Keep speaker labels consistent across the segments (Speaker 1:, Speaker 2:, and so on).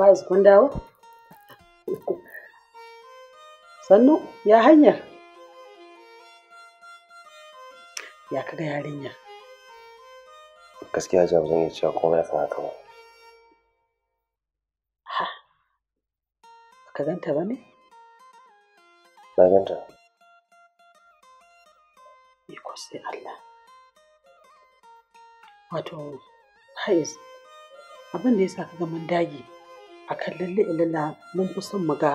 Speaker 1: Faiz kun dawo? Sannu ya hanyar? Ya kaga yarinya?
Speaker 2: Gaskiya ja zan iya cewa komai kan haka ba.
Speaker 1: Ha, ka ganta ba ne? Na ganta. Iko sai Allah. Wato, Faiz, abin da ya sa ka ga mun dage a kan lalle ilalla mun fi son mu ga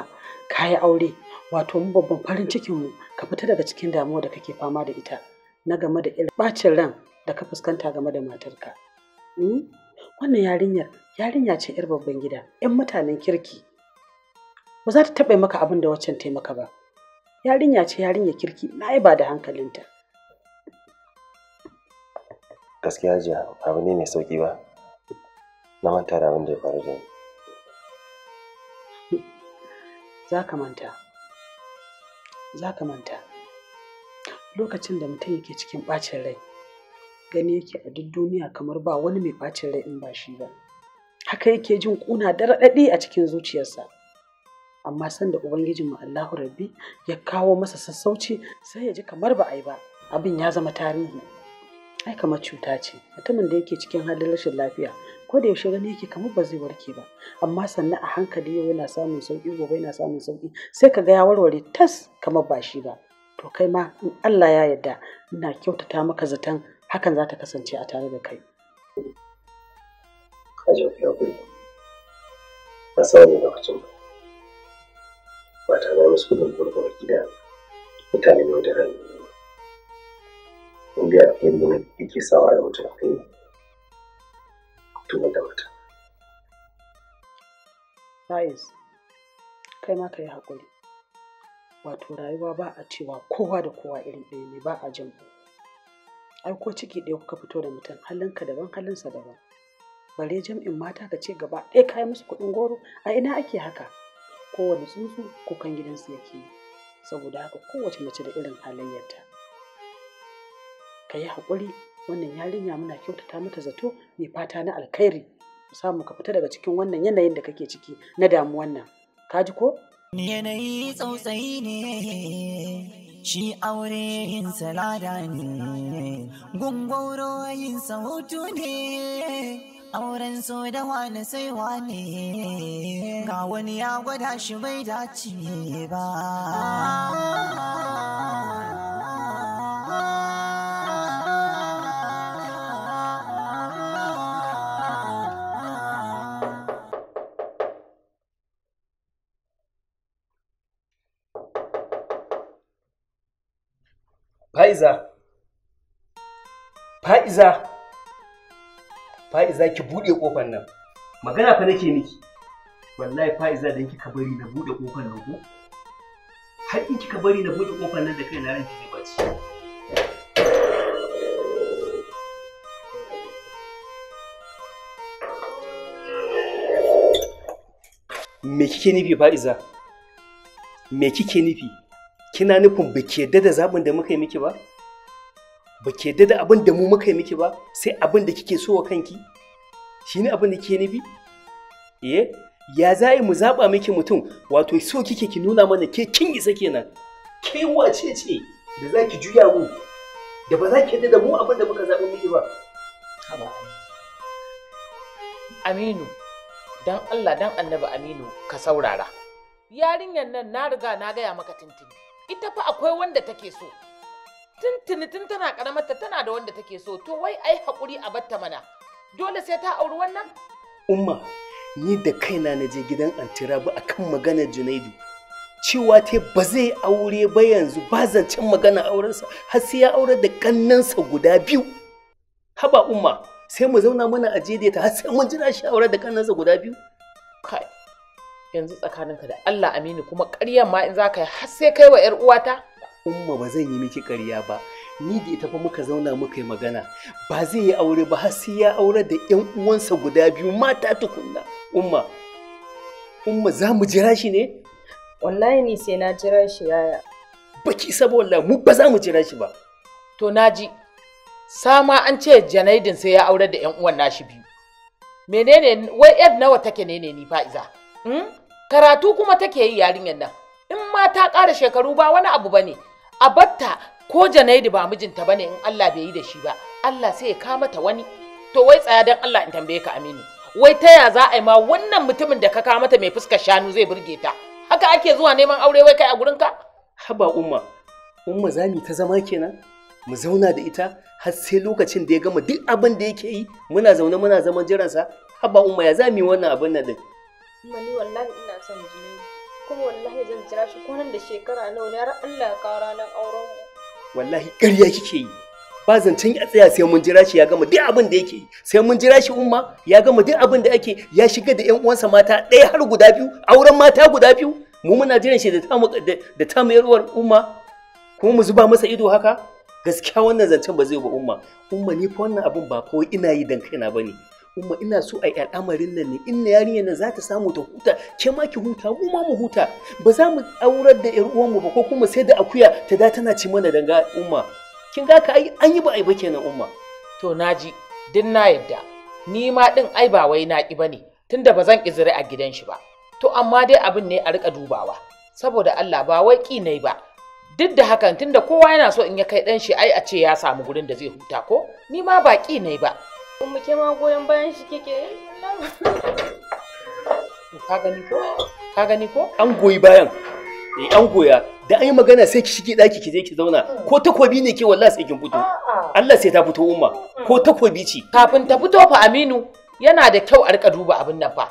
Speaker 1: kayi aure wato mun babban farin cikin mu ka fita daga cikin damuwa da kake fama da ita na game da irin bacin ran da ka fuskanta game da matarka hmm? wannan yarinyar yarinya ce yar babban gida yan mutanen kirki ba za ta taɓa maka abin da waccan taimaka ba yarinya ce yarinya kirki na ba da hankalinta
Speaker 3: gaskiya jiya abu ne mai sauki ba na manta da abin da ya faru da ni
Speaker 1: za ka manta za ka manta lokacin da mutum yake cikin ɓacin rai gani yake a duk duniya kamar ba wani mai ɓacin rai in ba shi ba haka yake jin ƙuna da raɗaɗi a cikin zuciyarsa amma sanda ubangijinmu Allahu Rabbi ya kawo masa sassauci sai ya ji kamar ba a yi ba abin ya zama tarihi ai kamar cuta ce mutumin da yake cikin halin rashin lafiya ko da yaushe gani yake kamar ba zai warke ba amma sannan a hankali yau yana samun sauki gobe yana samun sauki sai ka ga ya warware tas kamar ba shi ba to kai ma in Allah ya yarda ina kyautata maka zaton hakan za ta kasance a tare da kai
Speaker 3: na samun lokacin ba ba ta na musu kudin gurgura gida mutane mai da rayuwa Mun biya alheri ne yake sawa
Speaker 1: da mutum alheri to wata. Faiz, kai ma ka yi haƙuri. Wato rayuwa ba a cewa kowa da kowa irin ɗaya ne ba a jin Ai ko ciki ɗaya kuka fito da mutum halinka daban halinsa daban. Bare jam'in mata ka ce gaba ɗaya yi musu kuɗin goro a ina ake haka. Kowane tsuntsu kukan gidansu yake yi. Saboda haka kowace mace da irin halayyarta. Ka yi haƙuri wannan yarinya muna kyautata mata zato mai fata na alkhairi samu ka fita daga cikin wannan yanayin da kake ciki na damuwan nan ka ji ko
Speaker 4: yanayi tsautsayi ne shi aure yin salada ne gungoro yin sautu ne auren so da wani sai ne ga wani ya gwada shi bai dace ba
Speaker 5: fa'iza fa'iza fa'iza ki buɗe ƙofar nan magana fa nake miki wallahi fa'iza dan kika bari na buɗe ƙofar nan ko har in kika bari na buɗe ƙofar nan da kai na ranki ne bace me kike nufi fa'iza me kike nufi kina nufin ba ki yadda da zaɓin da muka yi miki ba ba ki yadda da abin da mu muka yi miki ba sai abin da kike so wa kanki shi ne abin da ke nufi eh ya za mu zaɓa miki mutum wato so kike ki nuna mana ke kin isa kenan ke wace ce da za ki juya mu da ba za ki yadda da mu abin da muka zaɓa miki ba
Speaker 6: aminu dan Allah dan annabi aminu ka saurara yarinyar nan na riga na gaya maka tuntuni ita fa akwai wanda take so tuntuni tun tana karamarta tana da wanda take so to wai ai haƙuri a batta mana dole sai ta auri wannan
Speaker 5: umma ni da kaina na je gidan antirabu akan maganar junaidu cewa te ba zai aure ba yanzu ba zancen magana aurensa har sai ya aure da kannansa guda biyu haba umma sai mu zauna mana a da ta har sai mun jira shi aure da kannansa guda biyu
Speaker 6: yanzu tsakaninka da Allah Aminu kuma ƙaryar ma in za ka yi har sai kai wa 'yar uwata?
Speaker 5: Umma ba zan yi miki ƙarya ba, ni da ita fa muka zauna muka yi magana, ba zai yi aure ba har sai ya aure da 'yan uwansa guda biyu mata tukunna. Umma, Umma za mu jira shi ne? Wallahi ni sai na jira shi yaya.
Speaker 6: Baki saboda mu ba za mu jira shi ba. To naji, sama an ce Janaidin sai ya aure da 'yan uwan nashi biyu. Menene wai 'yar nawa take ne ne ni fa'iza? Hmm? karatu kuma take yi yarinyar nan in ma ta ƙara shekaru ba wani abu bane a batta ko Janairu ba mijinta bane in Allah bai yi da shi ba Allah sai ya kama ta wani to wai tsaya dan Allah in tambaye ka Aminu wai ta ya za a yi ma wannan mutumin da ka kama mata mai fuskar shanu zai burge ta haka ake zuwa neman aure wai kai a gurin ka haba umma
Speaker 5: umma zami ta zama kenan mu zauna da ita har sai lokacin da ya gama duk abin da yake yi muna zaune muna zaman jiransa haba umma ya zami wannan abin nan din
Speaker 7: kuma ni wallahi ina son jini kuma wallahi zan jira shi nan da shekara nawa ne har Allah ya kawo ranar auren
Speaker 5: wallahi ƙarya kike yi ba zancen ya tsaya sai mun jira shi ya gama duk abin da yake sai mun jira shi umma ya gama duk abin da ake ya shiga da ƴan uwansa mata ɗaya har guda biyu auren mata guda biyu mu muna jiran shi da mu da tamu yarwar umma kuma mu zuba masa ido haka gaskiya wannan zancen ba zai ba umma umma ni fa wannan abin ba kawai ina yi dan kaina bane Kuma ina so a al'amarin nan ne inna yarinya nan za ta samu ta huta ke ma ki huta mu ma mu huta ba za mu aurar da yar uwanmu ba ko kuma sai da akuya
Speaker 6: ta da tana ci mana danga umma kin ga ka ai an yi ba ai ba kenan umma to naji din na yadda ni ma din ai ba wai na ki bane tunda ba zan izire a gidan shi ba to amma dai abin ne a rika dubawa saboda Allah ba wai ki nai ba duk da hakan tunda kowa yana so in ya kai dan shi ai a ce ya samu gurin da zai huta ko ni ma ba ki nai ba
Speaker 7: Kuma ke ma goyon bayan shi kike
Speaker 6: Ka gani ko? Ka gani ko?
Speaker 5: An goyi bayan. Eh an goya. Da an yi magana sai ki
Speaker 6: shige daki ki je ki zauna. Hmm. Ko takobi ne ke wallahi sai kin fito. Allah sai ta fito umma. Ko hmm. takobi ce. Kafin ta fito fa Aminu yana da kyau a rika duba abin nan fa.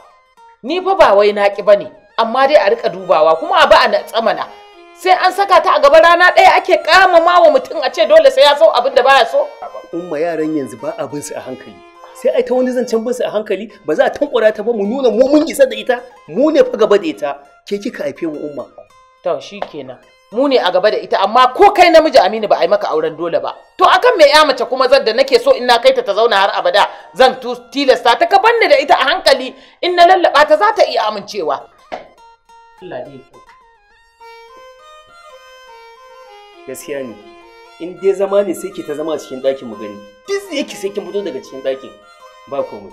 Speaker 6: Ni fa ba wai naki bane, amma dai a rika dubawa kuma a ba a tsamana. sai an saka ta a gaba rana ɗaya ake ma wa mutum a ce dole sai ya so abin da baya so
Speaker 5: umma yaran yanzu ba abin su a hankali sai ai ta wani zancen bin su a hankali ba za a tankura ta ba mu nuna mu mun isa da ita mu ne fa gaba da ita ke kika haife mu umma
Speaker 6: to shikenan mu ne a gaba da ita amma ko kai namiji Aminu ba a yi maka auren dole ba to akan me ya mace kuma zan da nake so in na kai ta ta zauna har abada zan tilasta ta ka banne da ita a hankali in na lallaba ta za ta iya amincewa Allah ne
Speaker 5: gaskiya ne in dai zama ne sai ki ta zama a cikin ɗakin mu gani
Speaker 6: duk yake sai kin
Speaker 5: fito daga cikin ɗakin ba komai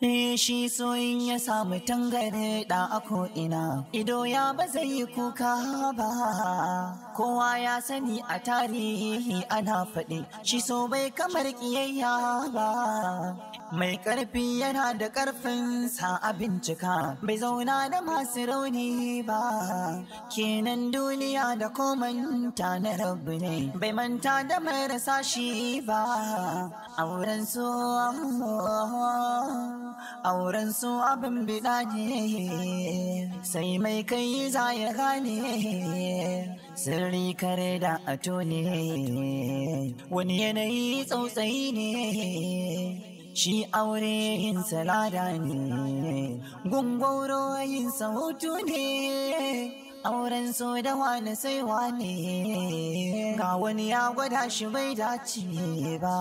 Speaker 4: shi soyin ya samu tangare da a ko'ina ido ya ba zai yi kuka ba kowa ya sani a tarihi ana faɗi shi so bai kamar ƙiyayya ba mai ƙarfi yana da ƙarfin sa a bincika bai zauna da masu rauni ba kenan duniya da komanta na rabu ne bai manta da marasa shi ba auren su auren su abin bida ne sai mai kai za ya gane sirri kare da ato ne wani yanayi tsautsayi ne shi aure yin salada ne gungoro yin sautu ne auren so da wani sai wani ga wani ya gwada shi bai dace ba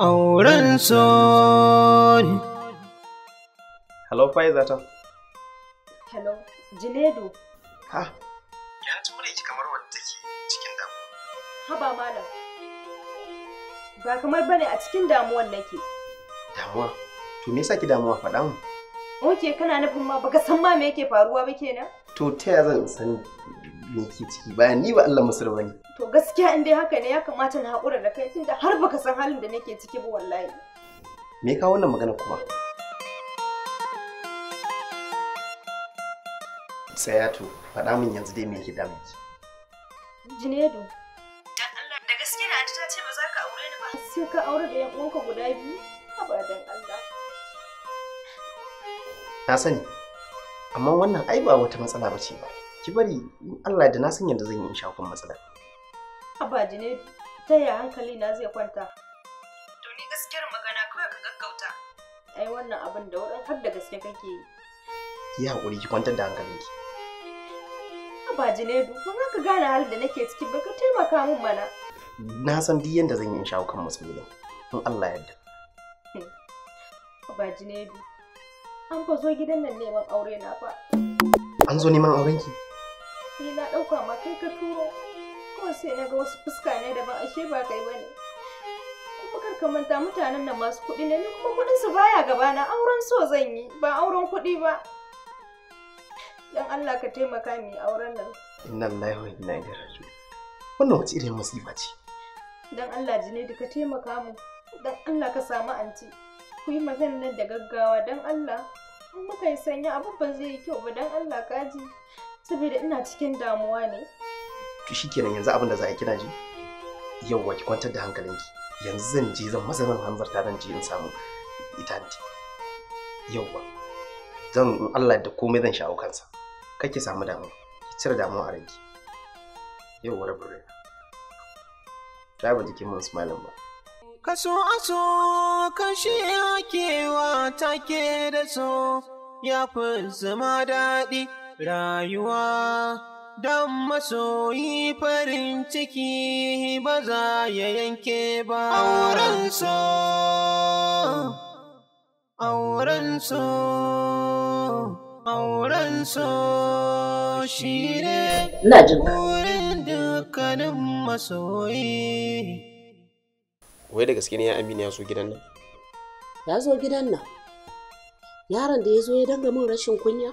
Speaker 2: auren so ne.
Speaker 8: Hello, Faizata.
Speaker 7: Hello, Jinedo.
Speaker 8: Ha, ya ji ki kamar wadda
Speaker 7: take cikin damuwa. Haba malam. Ba kamar bane a cikin damuwan
Speaker 3: nake. Damuwa? To me yasa ki damuwa faɗa mu?
Speaker 7: Oke kana nufin ma baka san ma me yake faruwa ba kenan?
Speaker 3: To ta ya zan sani yake ciki bayan ni ba Allah Masar bane.
Speaker 7: To gaskiya in dai haka ne ya kamata na haƙura da kai tunda har baka san halin da nake ciki ba wallahi.
Speaker 3: Me ka wannan magana kuma? Sayatu, faɗa min yanzu dai me yake damu ki?
Speaker 7: Junaidu. Dan Allah da gaske na ta ce ba za ka aure ni ba. Sai ka aure da yan uwanka guda biyu? Abadan Allah.
Speaker 3: Na sani. Amma wannan ai ba wata matsala ba ce ba. ki bari in Allah da na san yadda zan yi in sha kun matsala
Speaker 7: Abba jine ta ya hankali na zai kwanta to ni gaskiyar magana kawai ka gaggauta ai wannan abin da wurin har da gaske kake yi
Speaker 3: ki hakuri ki kwantar da hankalinki
Speaker 7: Abba jine duk ba ka gane halin da nake ciki ba ka taimaka min mana
Speaker 3: na san duk yadda zan yi in shawo kan matsalolin in Allah yarda.
Speaker 7: Ba Junaidu, an fa zo gidan nan neman aure na fa.
Speaker 3: An zo neman aurenki?
Speaker 7: ni na ɗauka ma kai ka turo kuma sai na ga wasu fuska ne daban ashe ba kai bane kuma kar ka manta mutanen nan masu kuɗi ne ni kuma kuɗin su baya gaba na auren so zan yi ba auren kuɗi ba dan Allah ka taimaka mi auren nan
Speaker 3: inna lillahi wa inna ilaihi raji'un wannan wace irin masifa ce
Speaker 7: dan Allah jine ka taimaka mu dan Allah ka samu anti ku yi magana nan da gaggawa dan Allah in muka yi sanya abin zai yi kyau ba dan Allah kaji Saboda ina cikin damuwa ne.
Speaker 3: To shikenan yanzu abin da za a kina ji? Yawwa ki kwantar da hankalinki. Yanzu zan je zan masa zan hanzarta zan je in samu ita Yawwa. Zan in Allah da komai zan shawo kansa. Kake samu damuwa. Ki cire damuwa a ranki. Yawwa rabin rai. Ta ba jikin mun smiling ba.
Speaker 1: kaso aso
Speaker 8: kashi ake wa take da so ya fi zama daɗi rayuwa don masoyi farin ciki ba za ya yanke ba Aurenso, aurenso,
Speaker 9: aurenso shi ne wurin dukkanin
Speaker 8: masoyi wai da gaske ne ya amina ya so gidan nan
Speaker 9: ya zo gidan nan yaron da ya zo ya danga min rashin kunya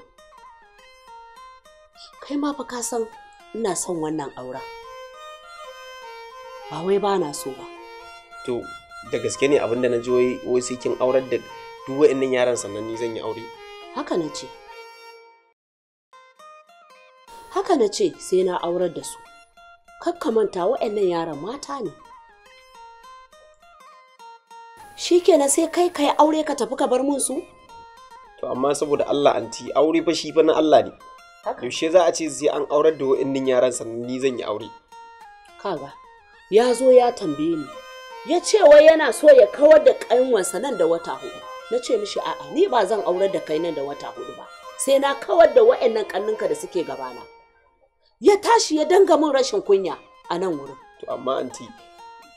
Speaker 9: kai ma fa ka san ina son wannan auren ba wai ba na so ba
Speaker 8: to da gaske ne abin da na ji wai sai kin aurar da duk wa'annan yaran sannan ni zan yi aure
Speaker 9: haka na ce haka na ce sai na aurar da su manta wa'annan yaran mata ne shi kenan sai kai kai aure ka tafi ka bar mun su
Speaker 8: to amma saboda Allah anti aure fa shi fa na Allah ne yaushe za a ce zai an aurar da wa'annan yaran sannan ni zan yi aure
Speaker 9: kaga ya zo ya tambaye ni ya ce wai yana so ya kawar da ƙanwansa nan da wata hudu na ce mishi a'a ni ba zan aurar da kai nan da wata hudu ba sai na kawar da wa'annan ƙanninka da suke gabana ya tashi ya danga min rashin kunya a nan wurin
Speaker 8: to amma anti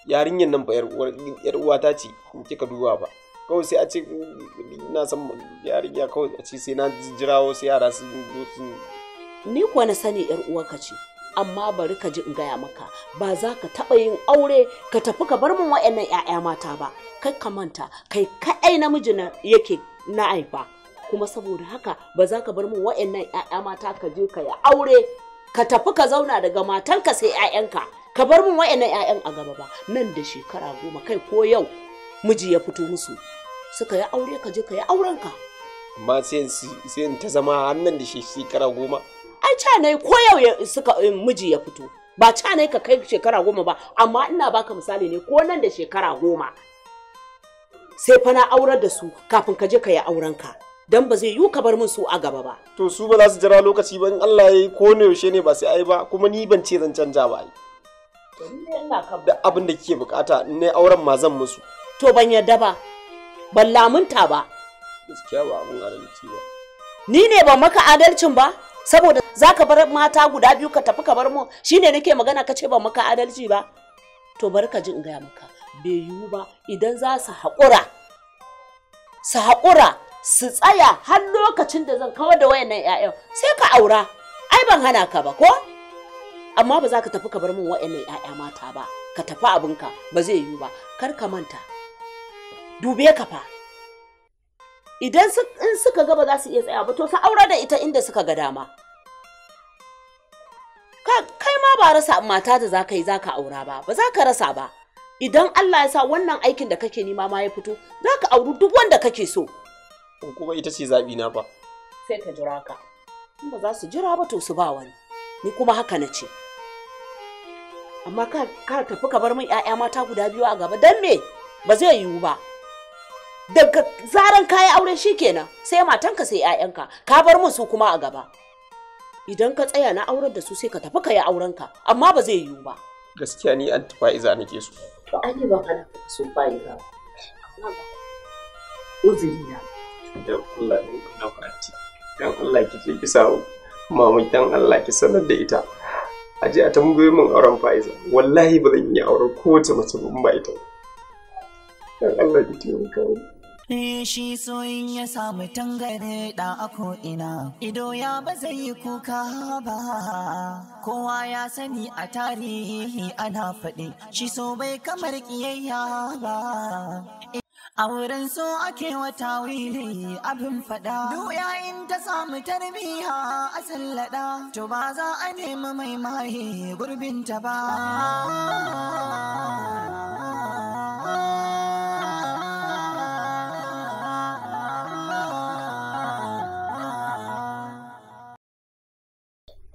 Speaker 8: yarinyar nan ba yar uwata ce in kika duba ba kawai sai a ce ina yarin ya kawai a ce sai na jirawo sai yara
Speaker 9: su ni kuwa na sani yar uwarka ce amma bari ka ji in gaya maka ba za ka taɓa yin aure ka tafi ka bar min wa'annan 'ya'ya mata ba kai ka manta kai kaɗai namiji na yake na aifa kuma saboda haka ba za ka bar min wa'annan 'ya'ya mata ka je ka yi aure ka tafi ka zauna daga matanka sai 'ya'yanka ka bar min wa'annan 'ya'yan a gaba ba nan da shekara goma kai ko yau miji ya fito musu suka yi aure ka je ka yi auren ka
Speaker 8: amma sai in ta zama hannun
Speaker 9: da shi shekara goma ai ca ne ko yau suka eh, miji ya fito ba ca ne ka kai shekara goma ba amma ina baka misali ne ko nan da shekara goma sai fa na aurar da su kafin ka je ka yi auren ka dan ba zai yiwu ka bar min su a gaba ba to
Speaker 8: su ba za su jira lokaci ba in Allah ya yi ko ne yaushe ne ba sai ai ba kuma ni ban ce zan canja ba ai da abin da kike bukata ne auren ma zan musu to ban yarda ba
Speaker 9: ban lamunta ba ni ne ban maka adalcin ba saboda zaka bar mata guda biyu ka tafi ka bar mu shine nake magana ka ce ban maka adalci ba to bar ka ji in gaya maka bai yiwu ba idan za su haƙura su haƙura su tsaya har lokacin da zan kawar da wayannan 'ya'yan sai ka aura ai ban hana ka ba ko amma ba za ka tafi ka bar mun wayannan 'ya'ya mata ba ka tafi abinka ba zai yiwu ba kar ka manta dube ka fa idan in suka ga ba za su iya tsaya ba to su aura da ita inda suka ga dama kai ma ba rasa mata da zaka yi zaka aura ba ba za ka rasa ba idan Allah ya sa wannan aikin da kake nema ma ya fito za ka auri duk wanda kake so
Speaker 8: in kuma ita ce zaɓi na ba
Speaker 9: sai ka jira ka in ba za su jira ba to su ba wani ni kuma haka na ce amma ka tafi ka bar min 'ya'ya mata guda biyu a gaba don me ba zai yiwu ba daga zaran kayi aure shikenan sai matanka sai 'ya'yanka ka bar su kuma a gaba idan ka tsaya na auren da su sai ka tafi ka yi aurenka amma ba zai yiwu ba
Speaker 8: gaskiya ni an tafi iza nake so
Speaker 2: ba an yi ba kana so ba iza
Speaker 6: uzuri na
Speaker 8: da Allah ne na kwanci dan Allah ki je ki sawo mama dan Allah ki sanar da ita a je a tambaye min auren Faiza wallahi ba zan iya auren kowace mace ba ita dan Allah ki taimaka
Speaker 4: shi soyin ya samu tangare da a ko'ina ido ya ba zai yi kuka ba kowa ya sani a tarihi ana faɗi shi so bai kamar kiyayya ba a wurin so ake wata wili abin fada duk yayin ta samu tarbiya a sallada to ba za a nemi mai maye gurbinta ba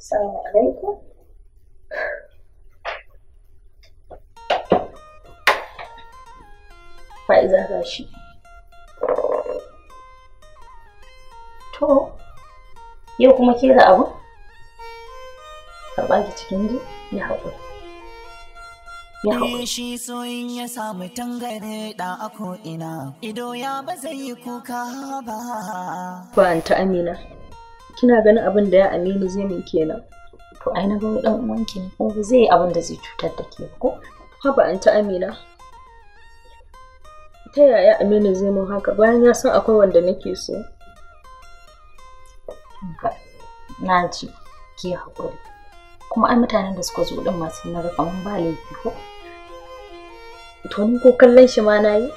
Speaker 2: Assalamu alaikum. Fa'iza ga shi. To, yau kuma ke da abu? Karɓa ki cikin ji, ya haƙuri.
Speaker 4: shi soyin ya samu tangare da a ko'ina ido ya ba zai yi kuka ba.
Speaker 2: Ba ta amina. kina ganin abin da ya aminu zai min kenan to ai na gani dan uwanki ne ko zai yi abin da zai cutar da ke ko haba an ta amina ta yaya aminu zai mun haka bayan ya san akwai wanda nake so na ji ke hakuri. kuma ai mutanen da suka zo din masu na rufa mun ba laifi ko to ni ko kallon shi ma na yi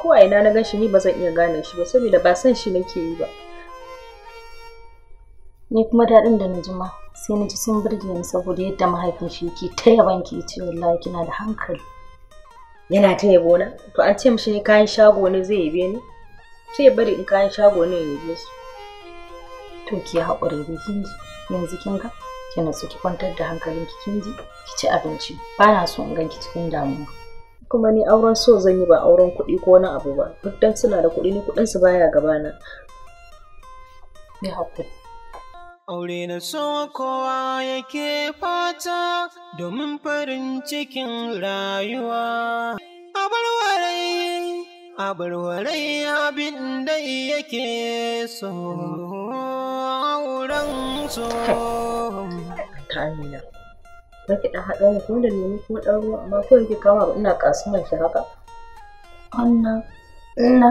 Speaker 2: ko a na gan shi ni ba zan iya gane shi ba saboda ba san shi nake yi ba ni kuma daɗin da na jima ma sai na ji sun burge ni saboda yadda mahaifin shi ke ta yaban ki ce wallahi kina da hankali yana ta yabo na to an ce mishi kayan shago ne zai yabe ni sai ya bari in kayan shago ne ya yabe su to ki haƙuri da kinji yanzu kin ga ki natsu ki kwantar da hankalin ki kin ji ki ci abinci ba na so in ganki cikin damuwa kuma ni auren so zan yi ba auren kuɗi ko wani abu ba duk dan suna da kuɗi ni kuɗinsu baya gabana. Ni haƙuri.
Speaker 8: aure na so kowa yake fata domin farin cikin rayuwa. Abarwarai,
Speaker 2: abarwarai abin da yake so, auren so. Tamina, na kiɗa haɗa ko da nemi ko ɗan ruwa amma ko yake kama ina kasuwan shi haka. Wannan,
Speaker 9: ina.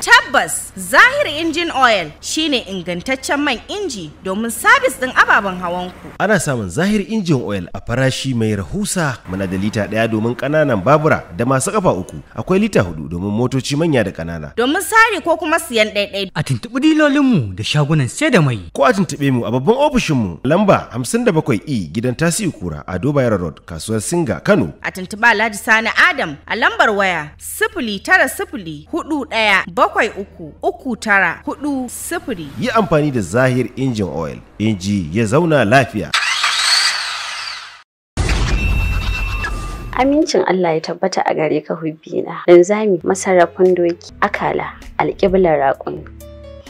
Speaker 9: Tabbas Zahir Injin Oil shine ingantaccen man inji domin sabis ɗin ababen hawanku.
Speaker 8: Ana samun Zahir Injin Oil a farashi mai rahusa muna da lita ɗaya domin ƙananan babura da masu ƙafa uku akwai lita hudu domin motoci manya da ƙanana.
Speaker 9: Domin sari ko kuma siyan ɗaiɗai. A
Speaker 8: tuntuɓi dilolinmu da shagunan sai da mai. Ko a tuntuɓe mu a babban ofishinmu lamba hamsin 57 E gidan Tasiu Kura a Dubai Road kasuwar Singa Kano.
Speaker 9: A tuntuɓa Alhaji Sani Adam a lambar waya sifili tara sifili hudu ɗaya bakwai uku uku tara hudu sifiri.
Speaker 8: Yi amfani da Zahir injin oil, inji ya zauna lafiya.
Speaker 9: Amincin Allah ya tabbata a gare ka hubbina, linzami masarrafin doki, akala, alkiblar raƙon,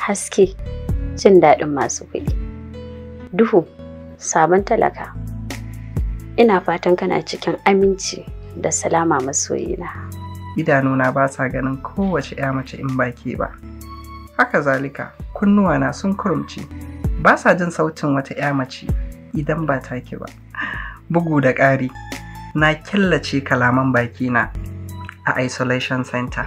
Speaker 9: haske, cin daɗin masu kuɗi. Duhu, sabon talaka. Ina fatan kana cikin aminci da salama masoyina.
Speaker 3: idanuna ba sa ganin kowace 'ya mace in ba ke ba haka zalika kunnuwana sun kurumci. ba sa jin sautin wata 'ya mace idan ba take ba bugu da ƙari na killace kalaman bakina a isolation center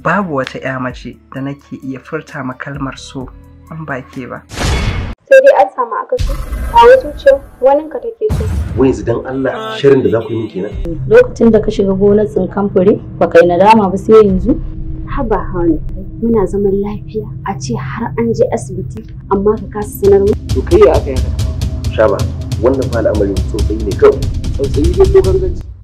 Speaker 3: babu wata 'ya mace da nake iya furta makalmar so in ke ba. sai
Speaker 2: dai an samu akasi a wasu zuciya wanin ka take so
Speaker 3: wai yanzu dan Allah shirin da za ku yi kenan
Speaker 2: lokacin da ka shiga gonar tsinkan fure ba kai nadama ba sai yanzu haba hani muna zaman lafiya a ce har an je asibiti amma ka kasa sanar mu
Speaker 5: to kai ya aka yi shaba wannan fa al'amari sosai ne kawai sosai ne ko ganganci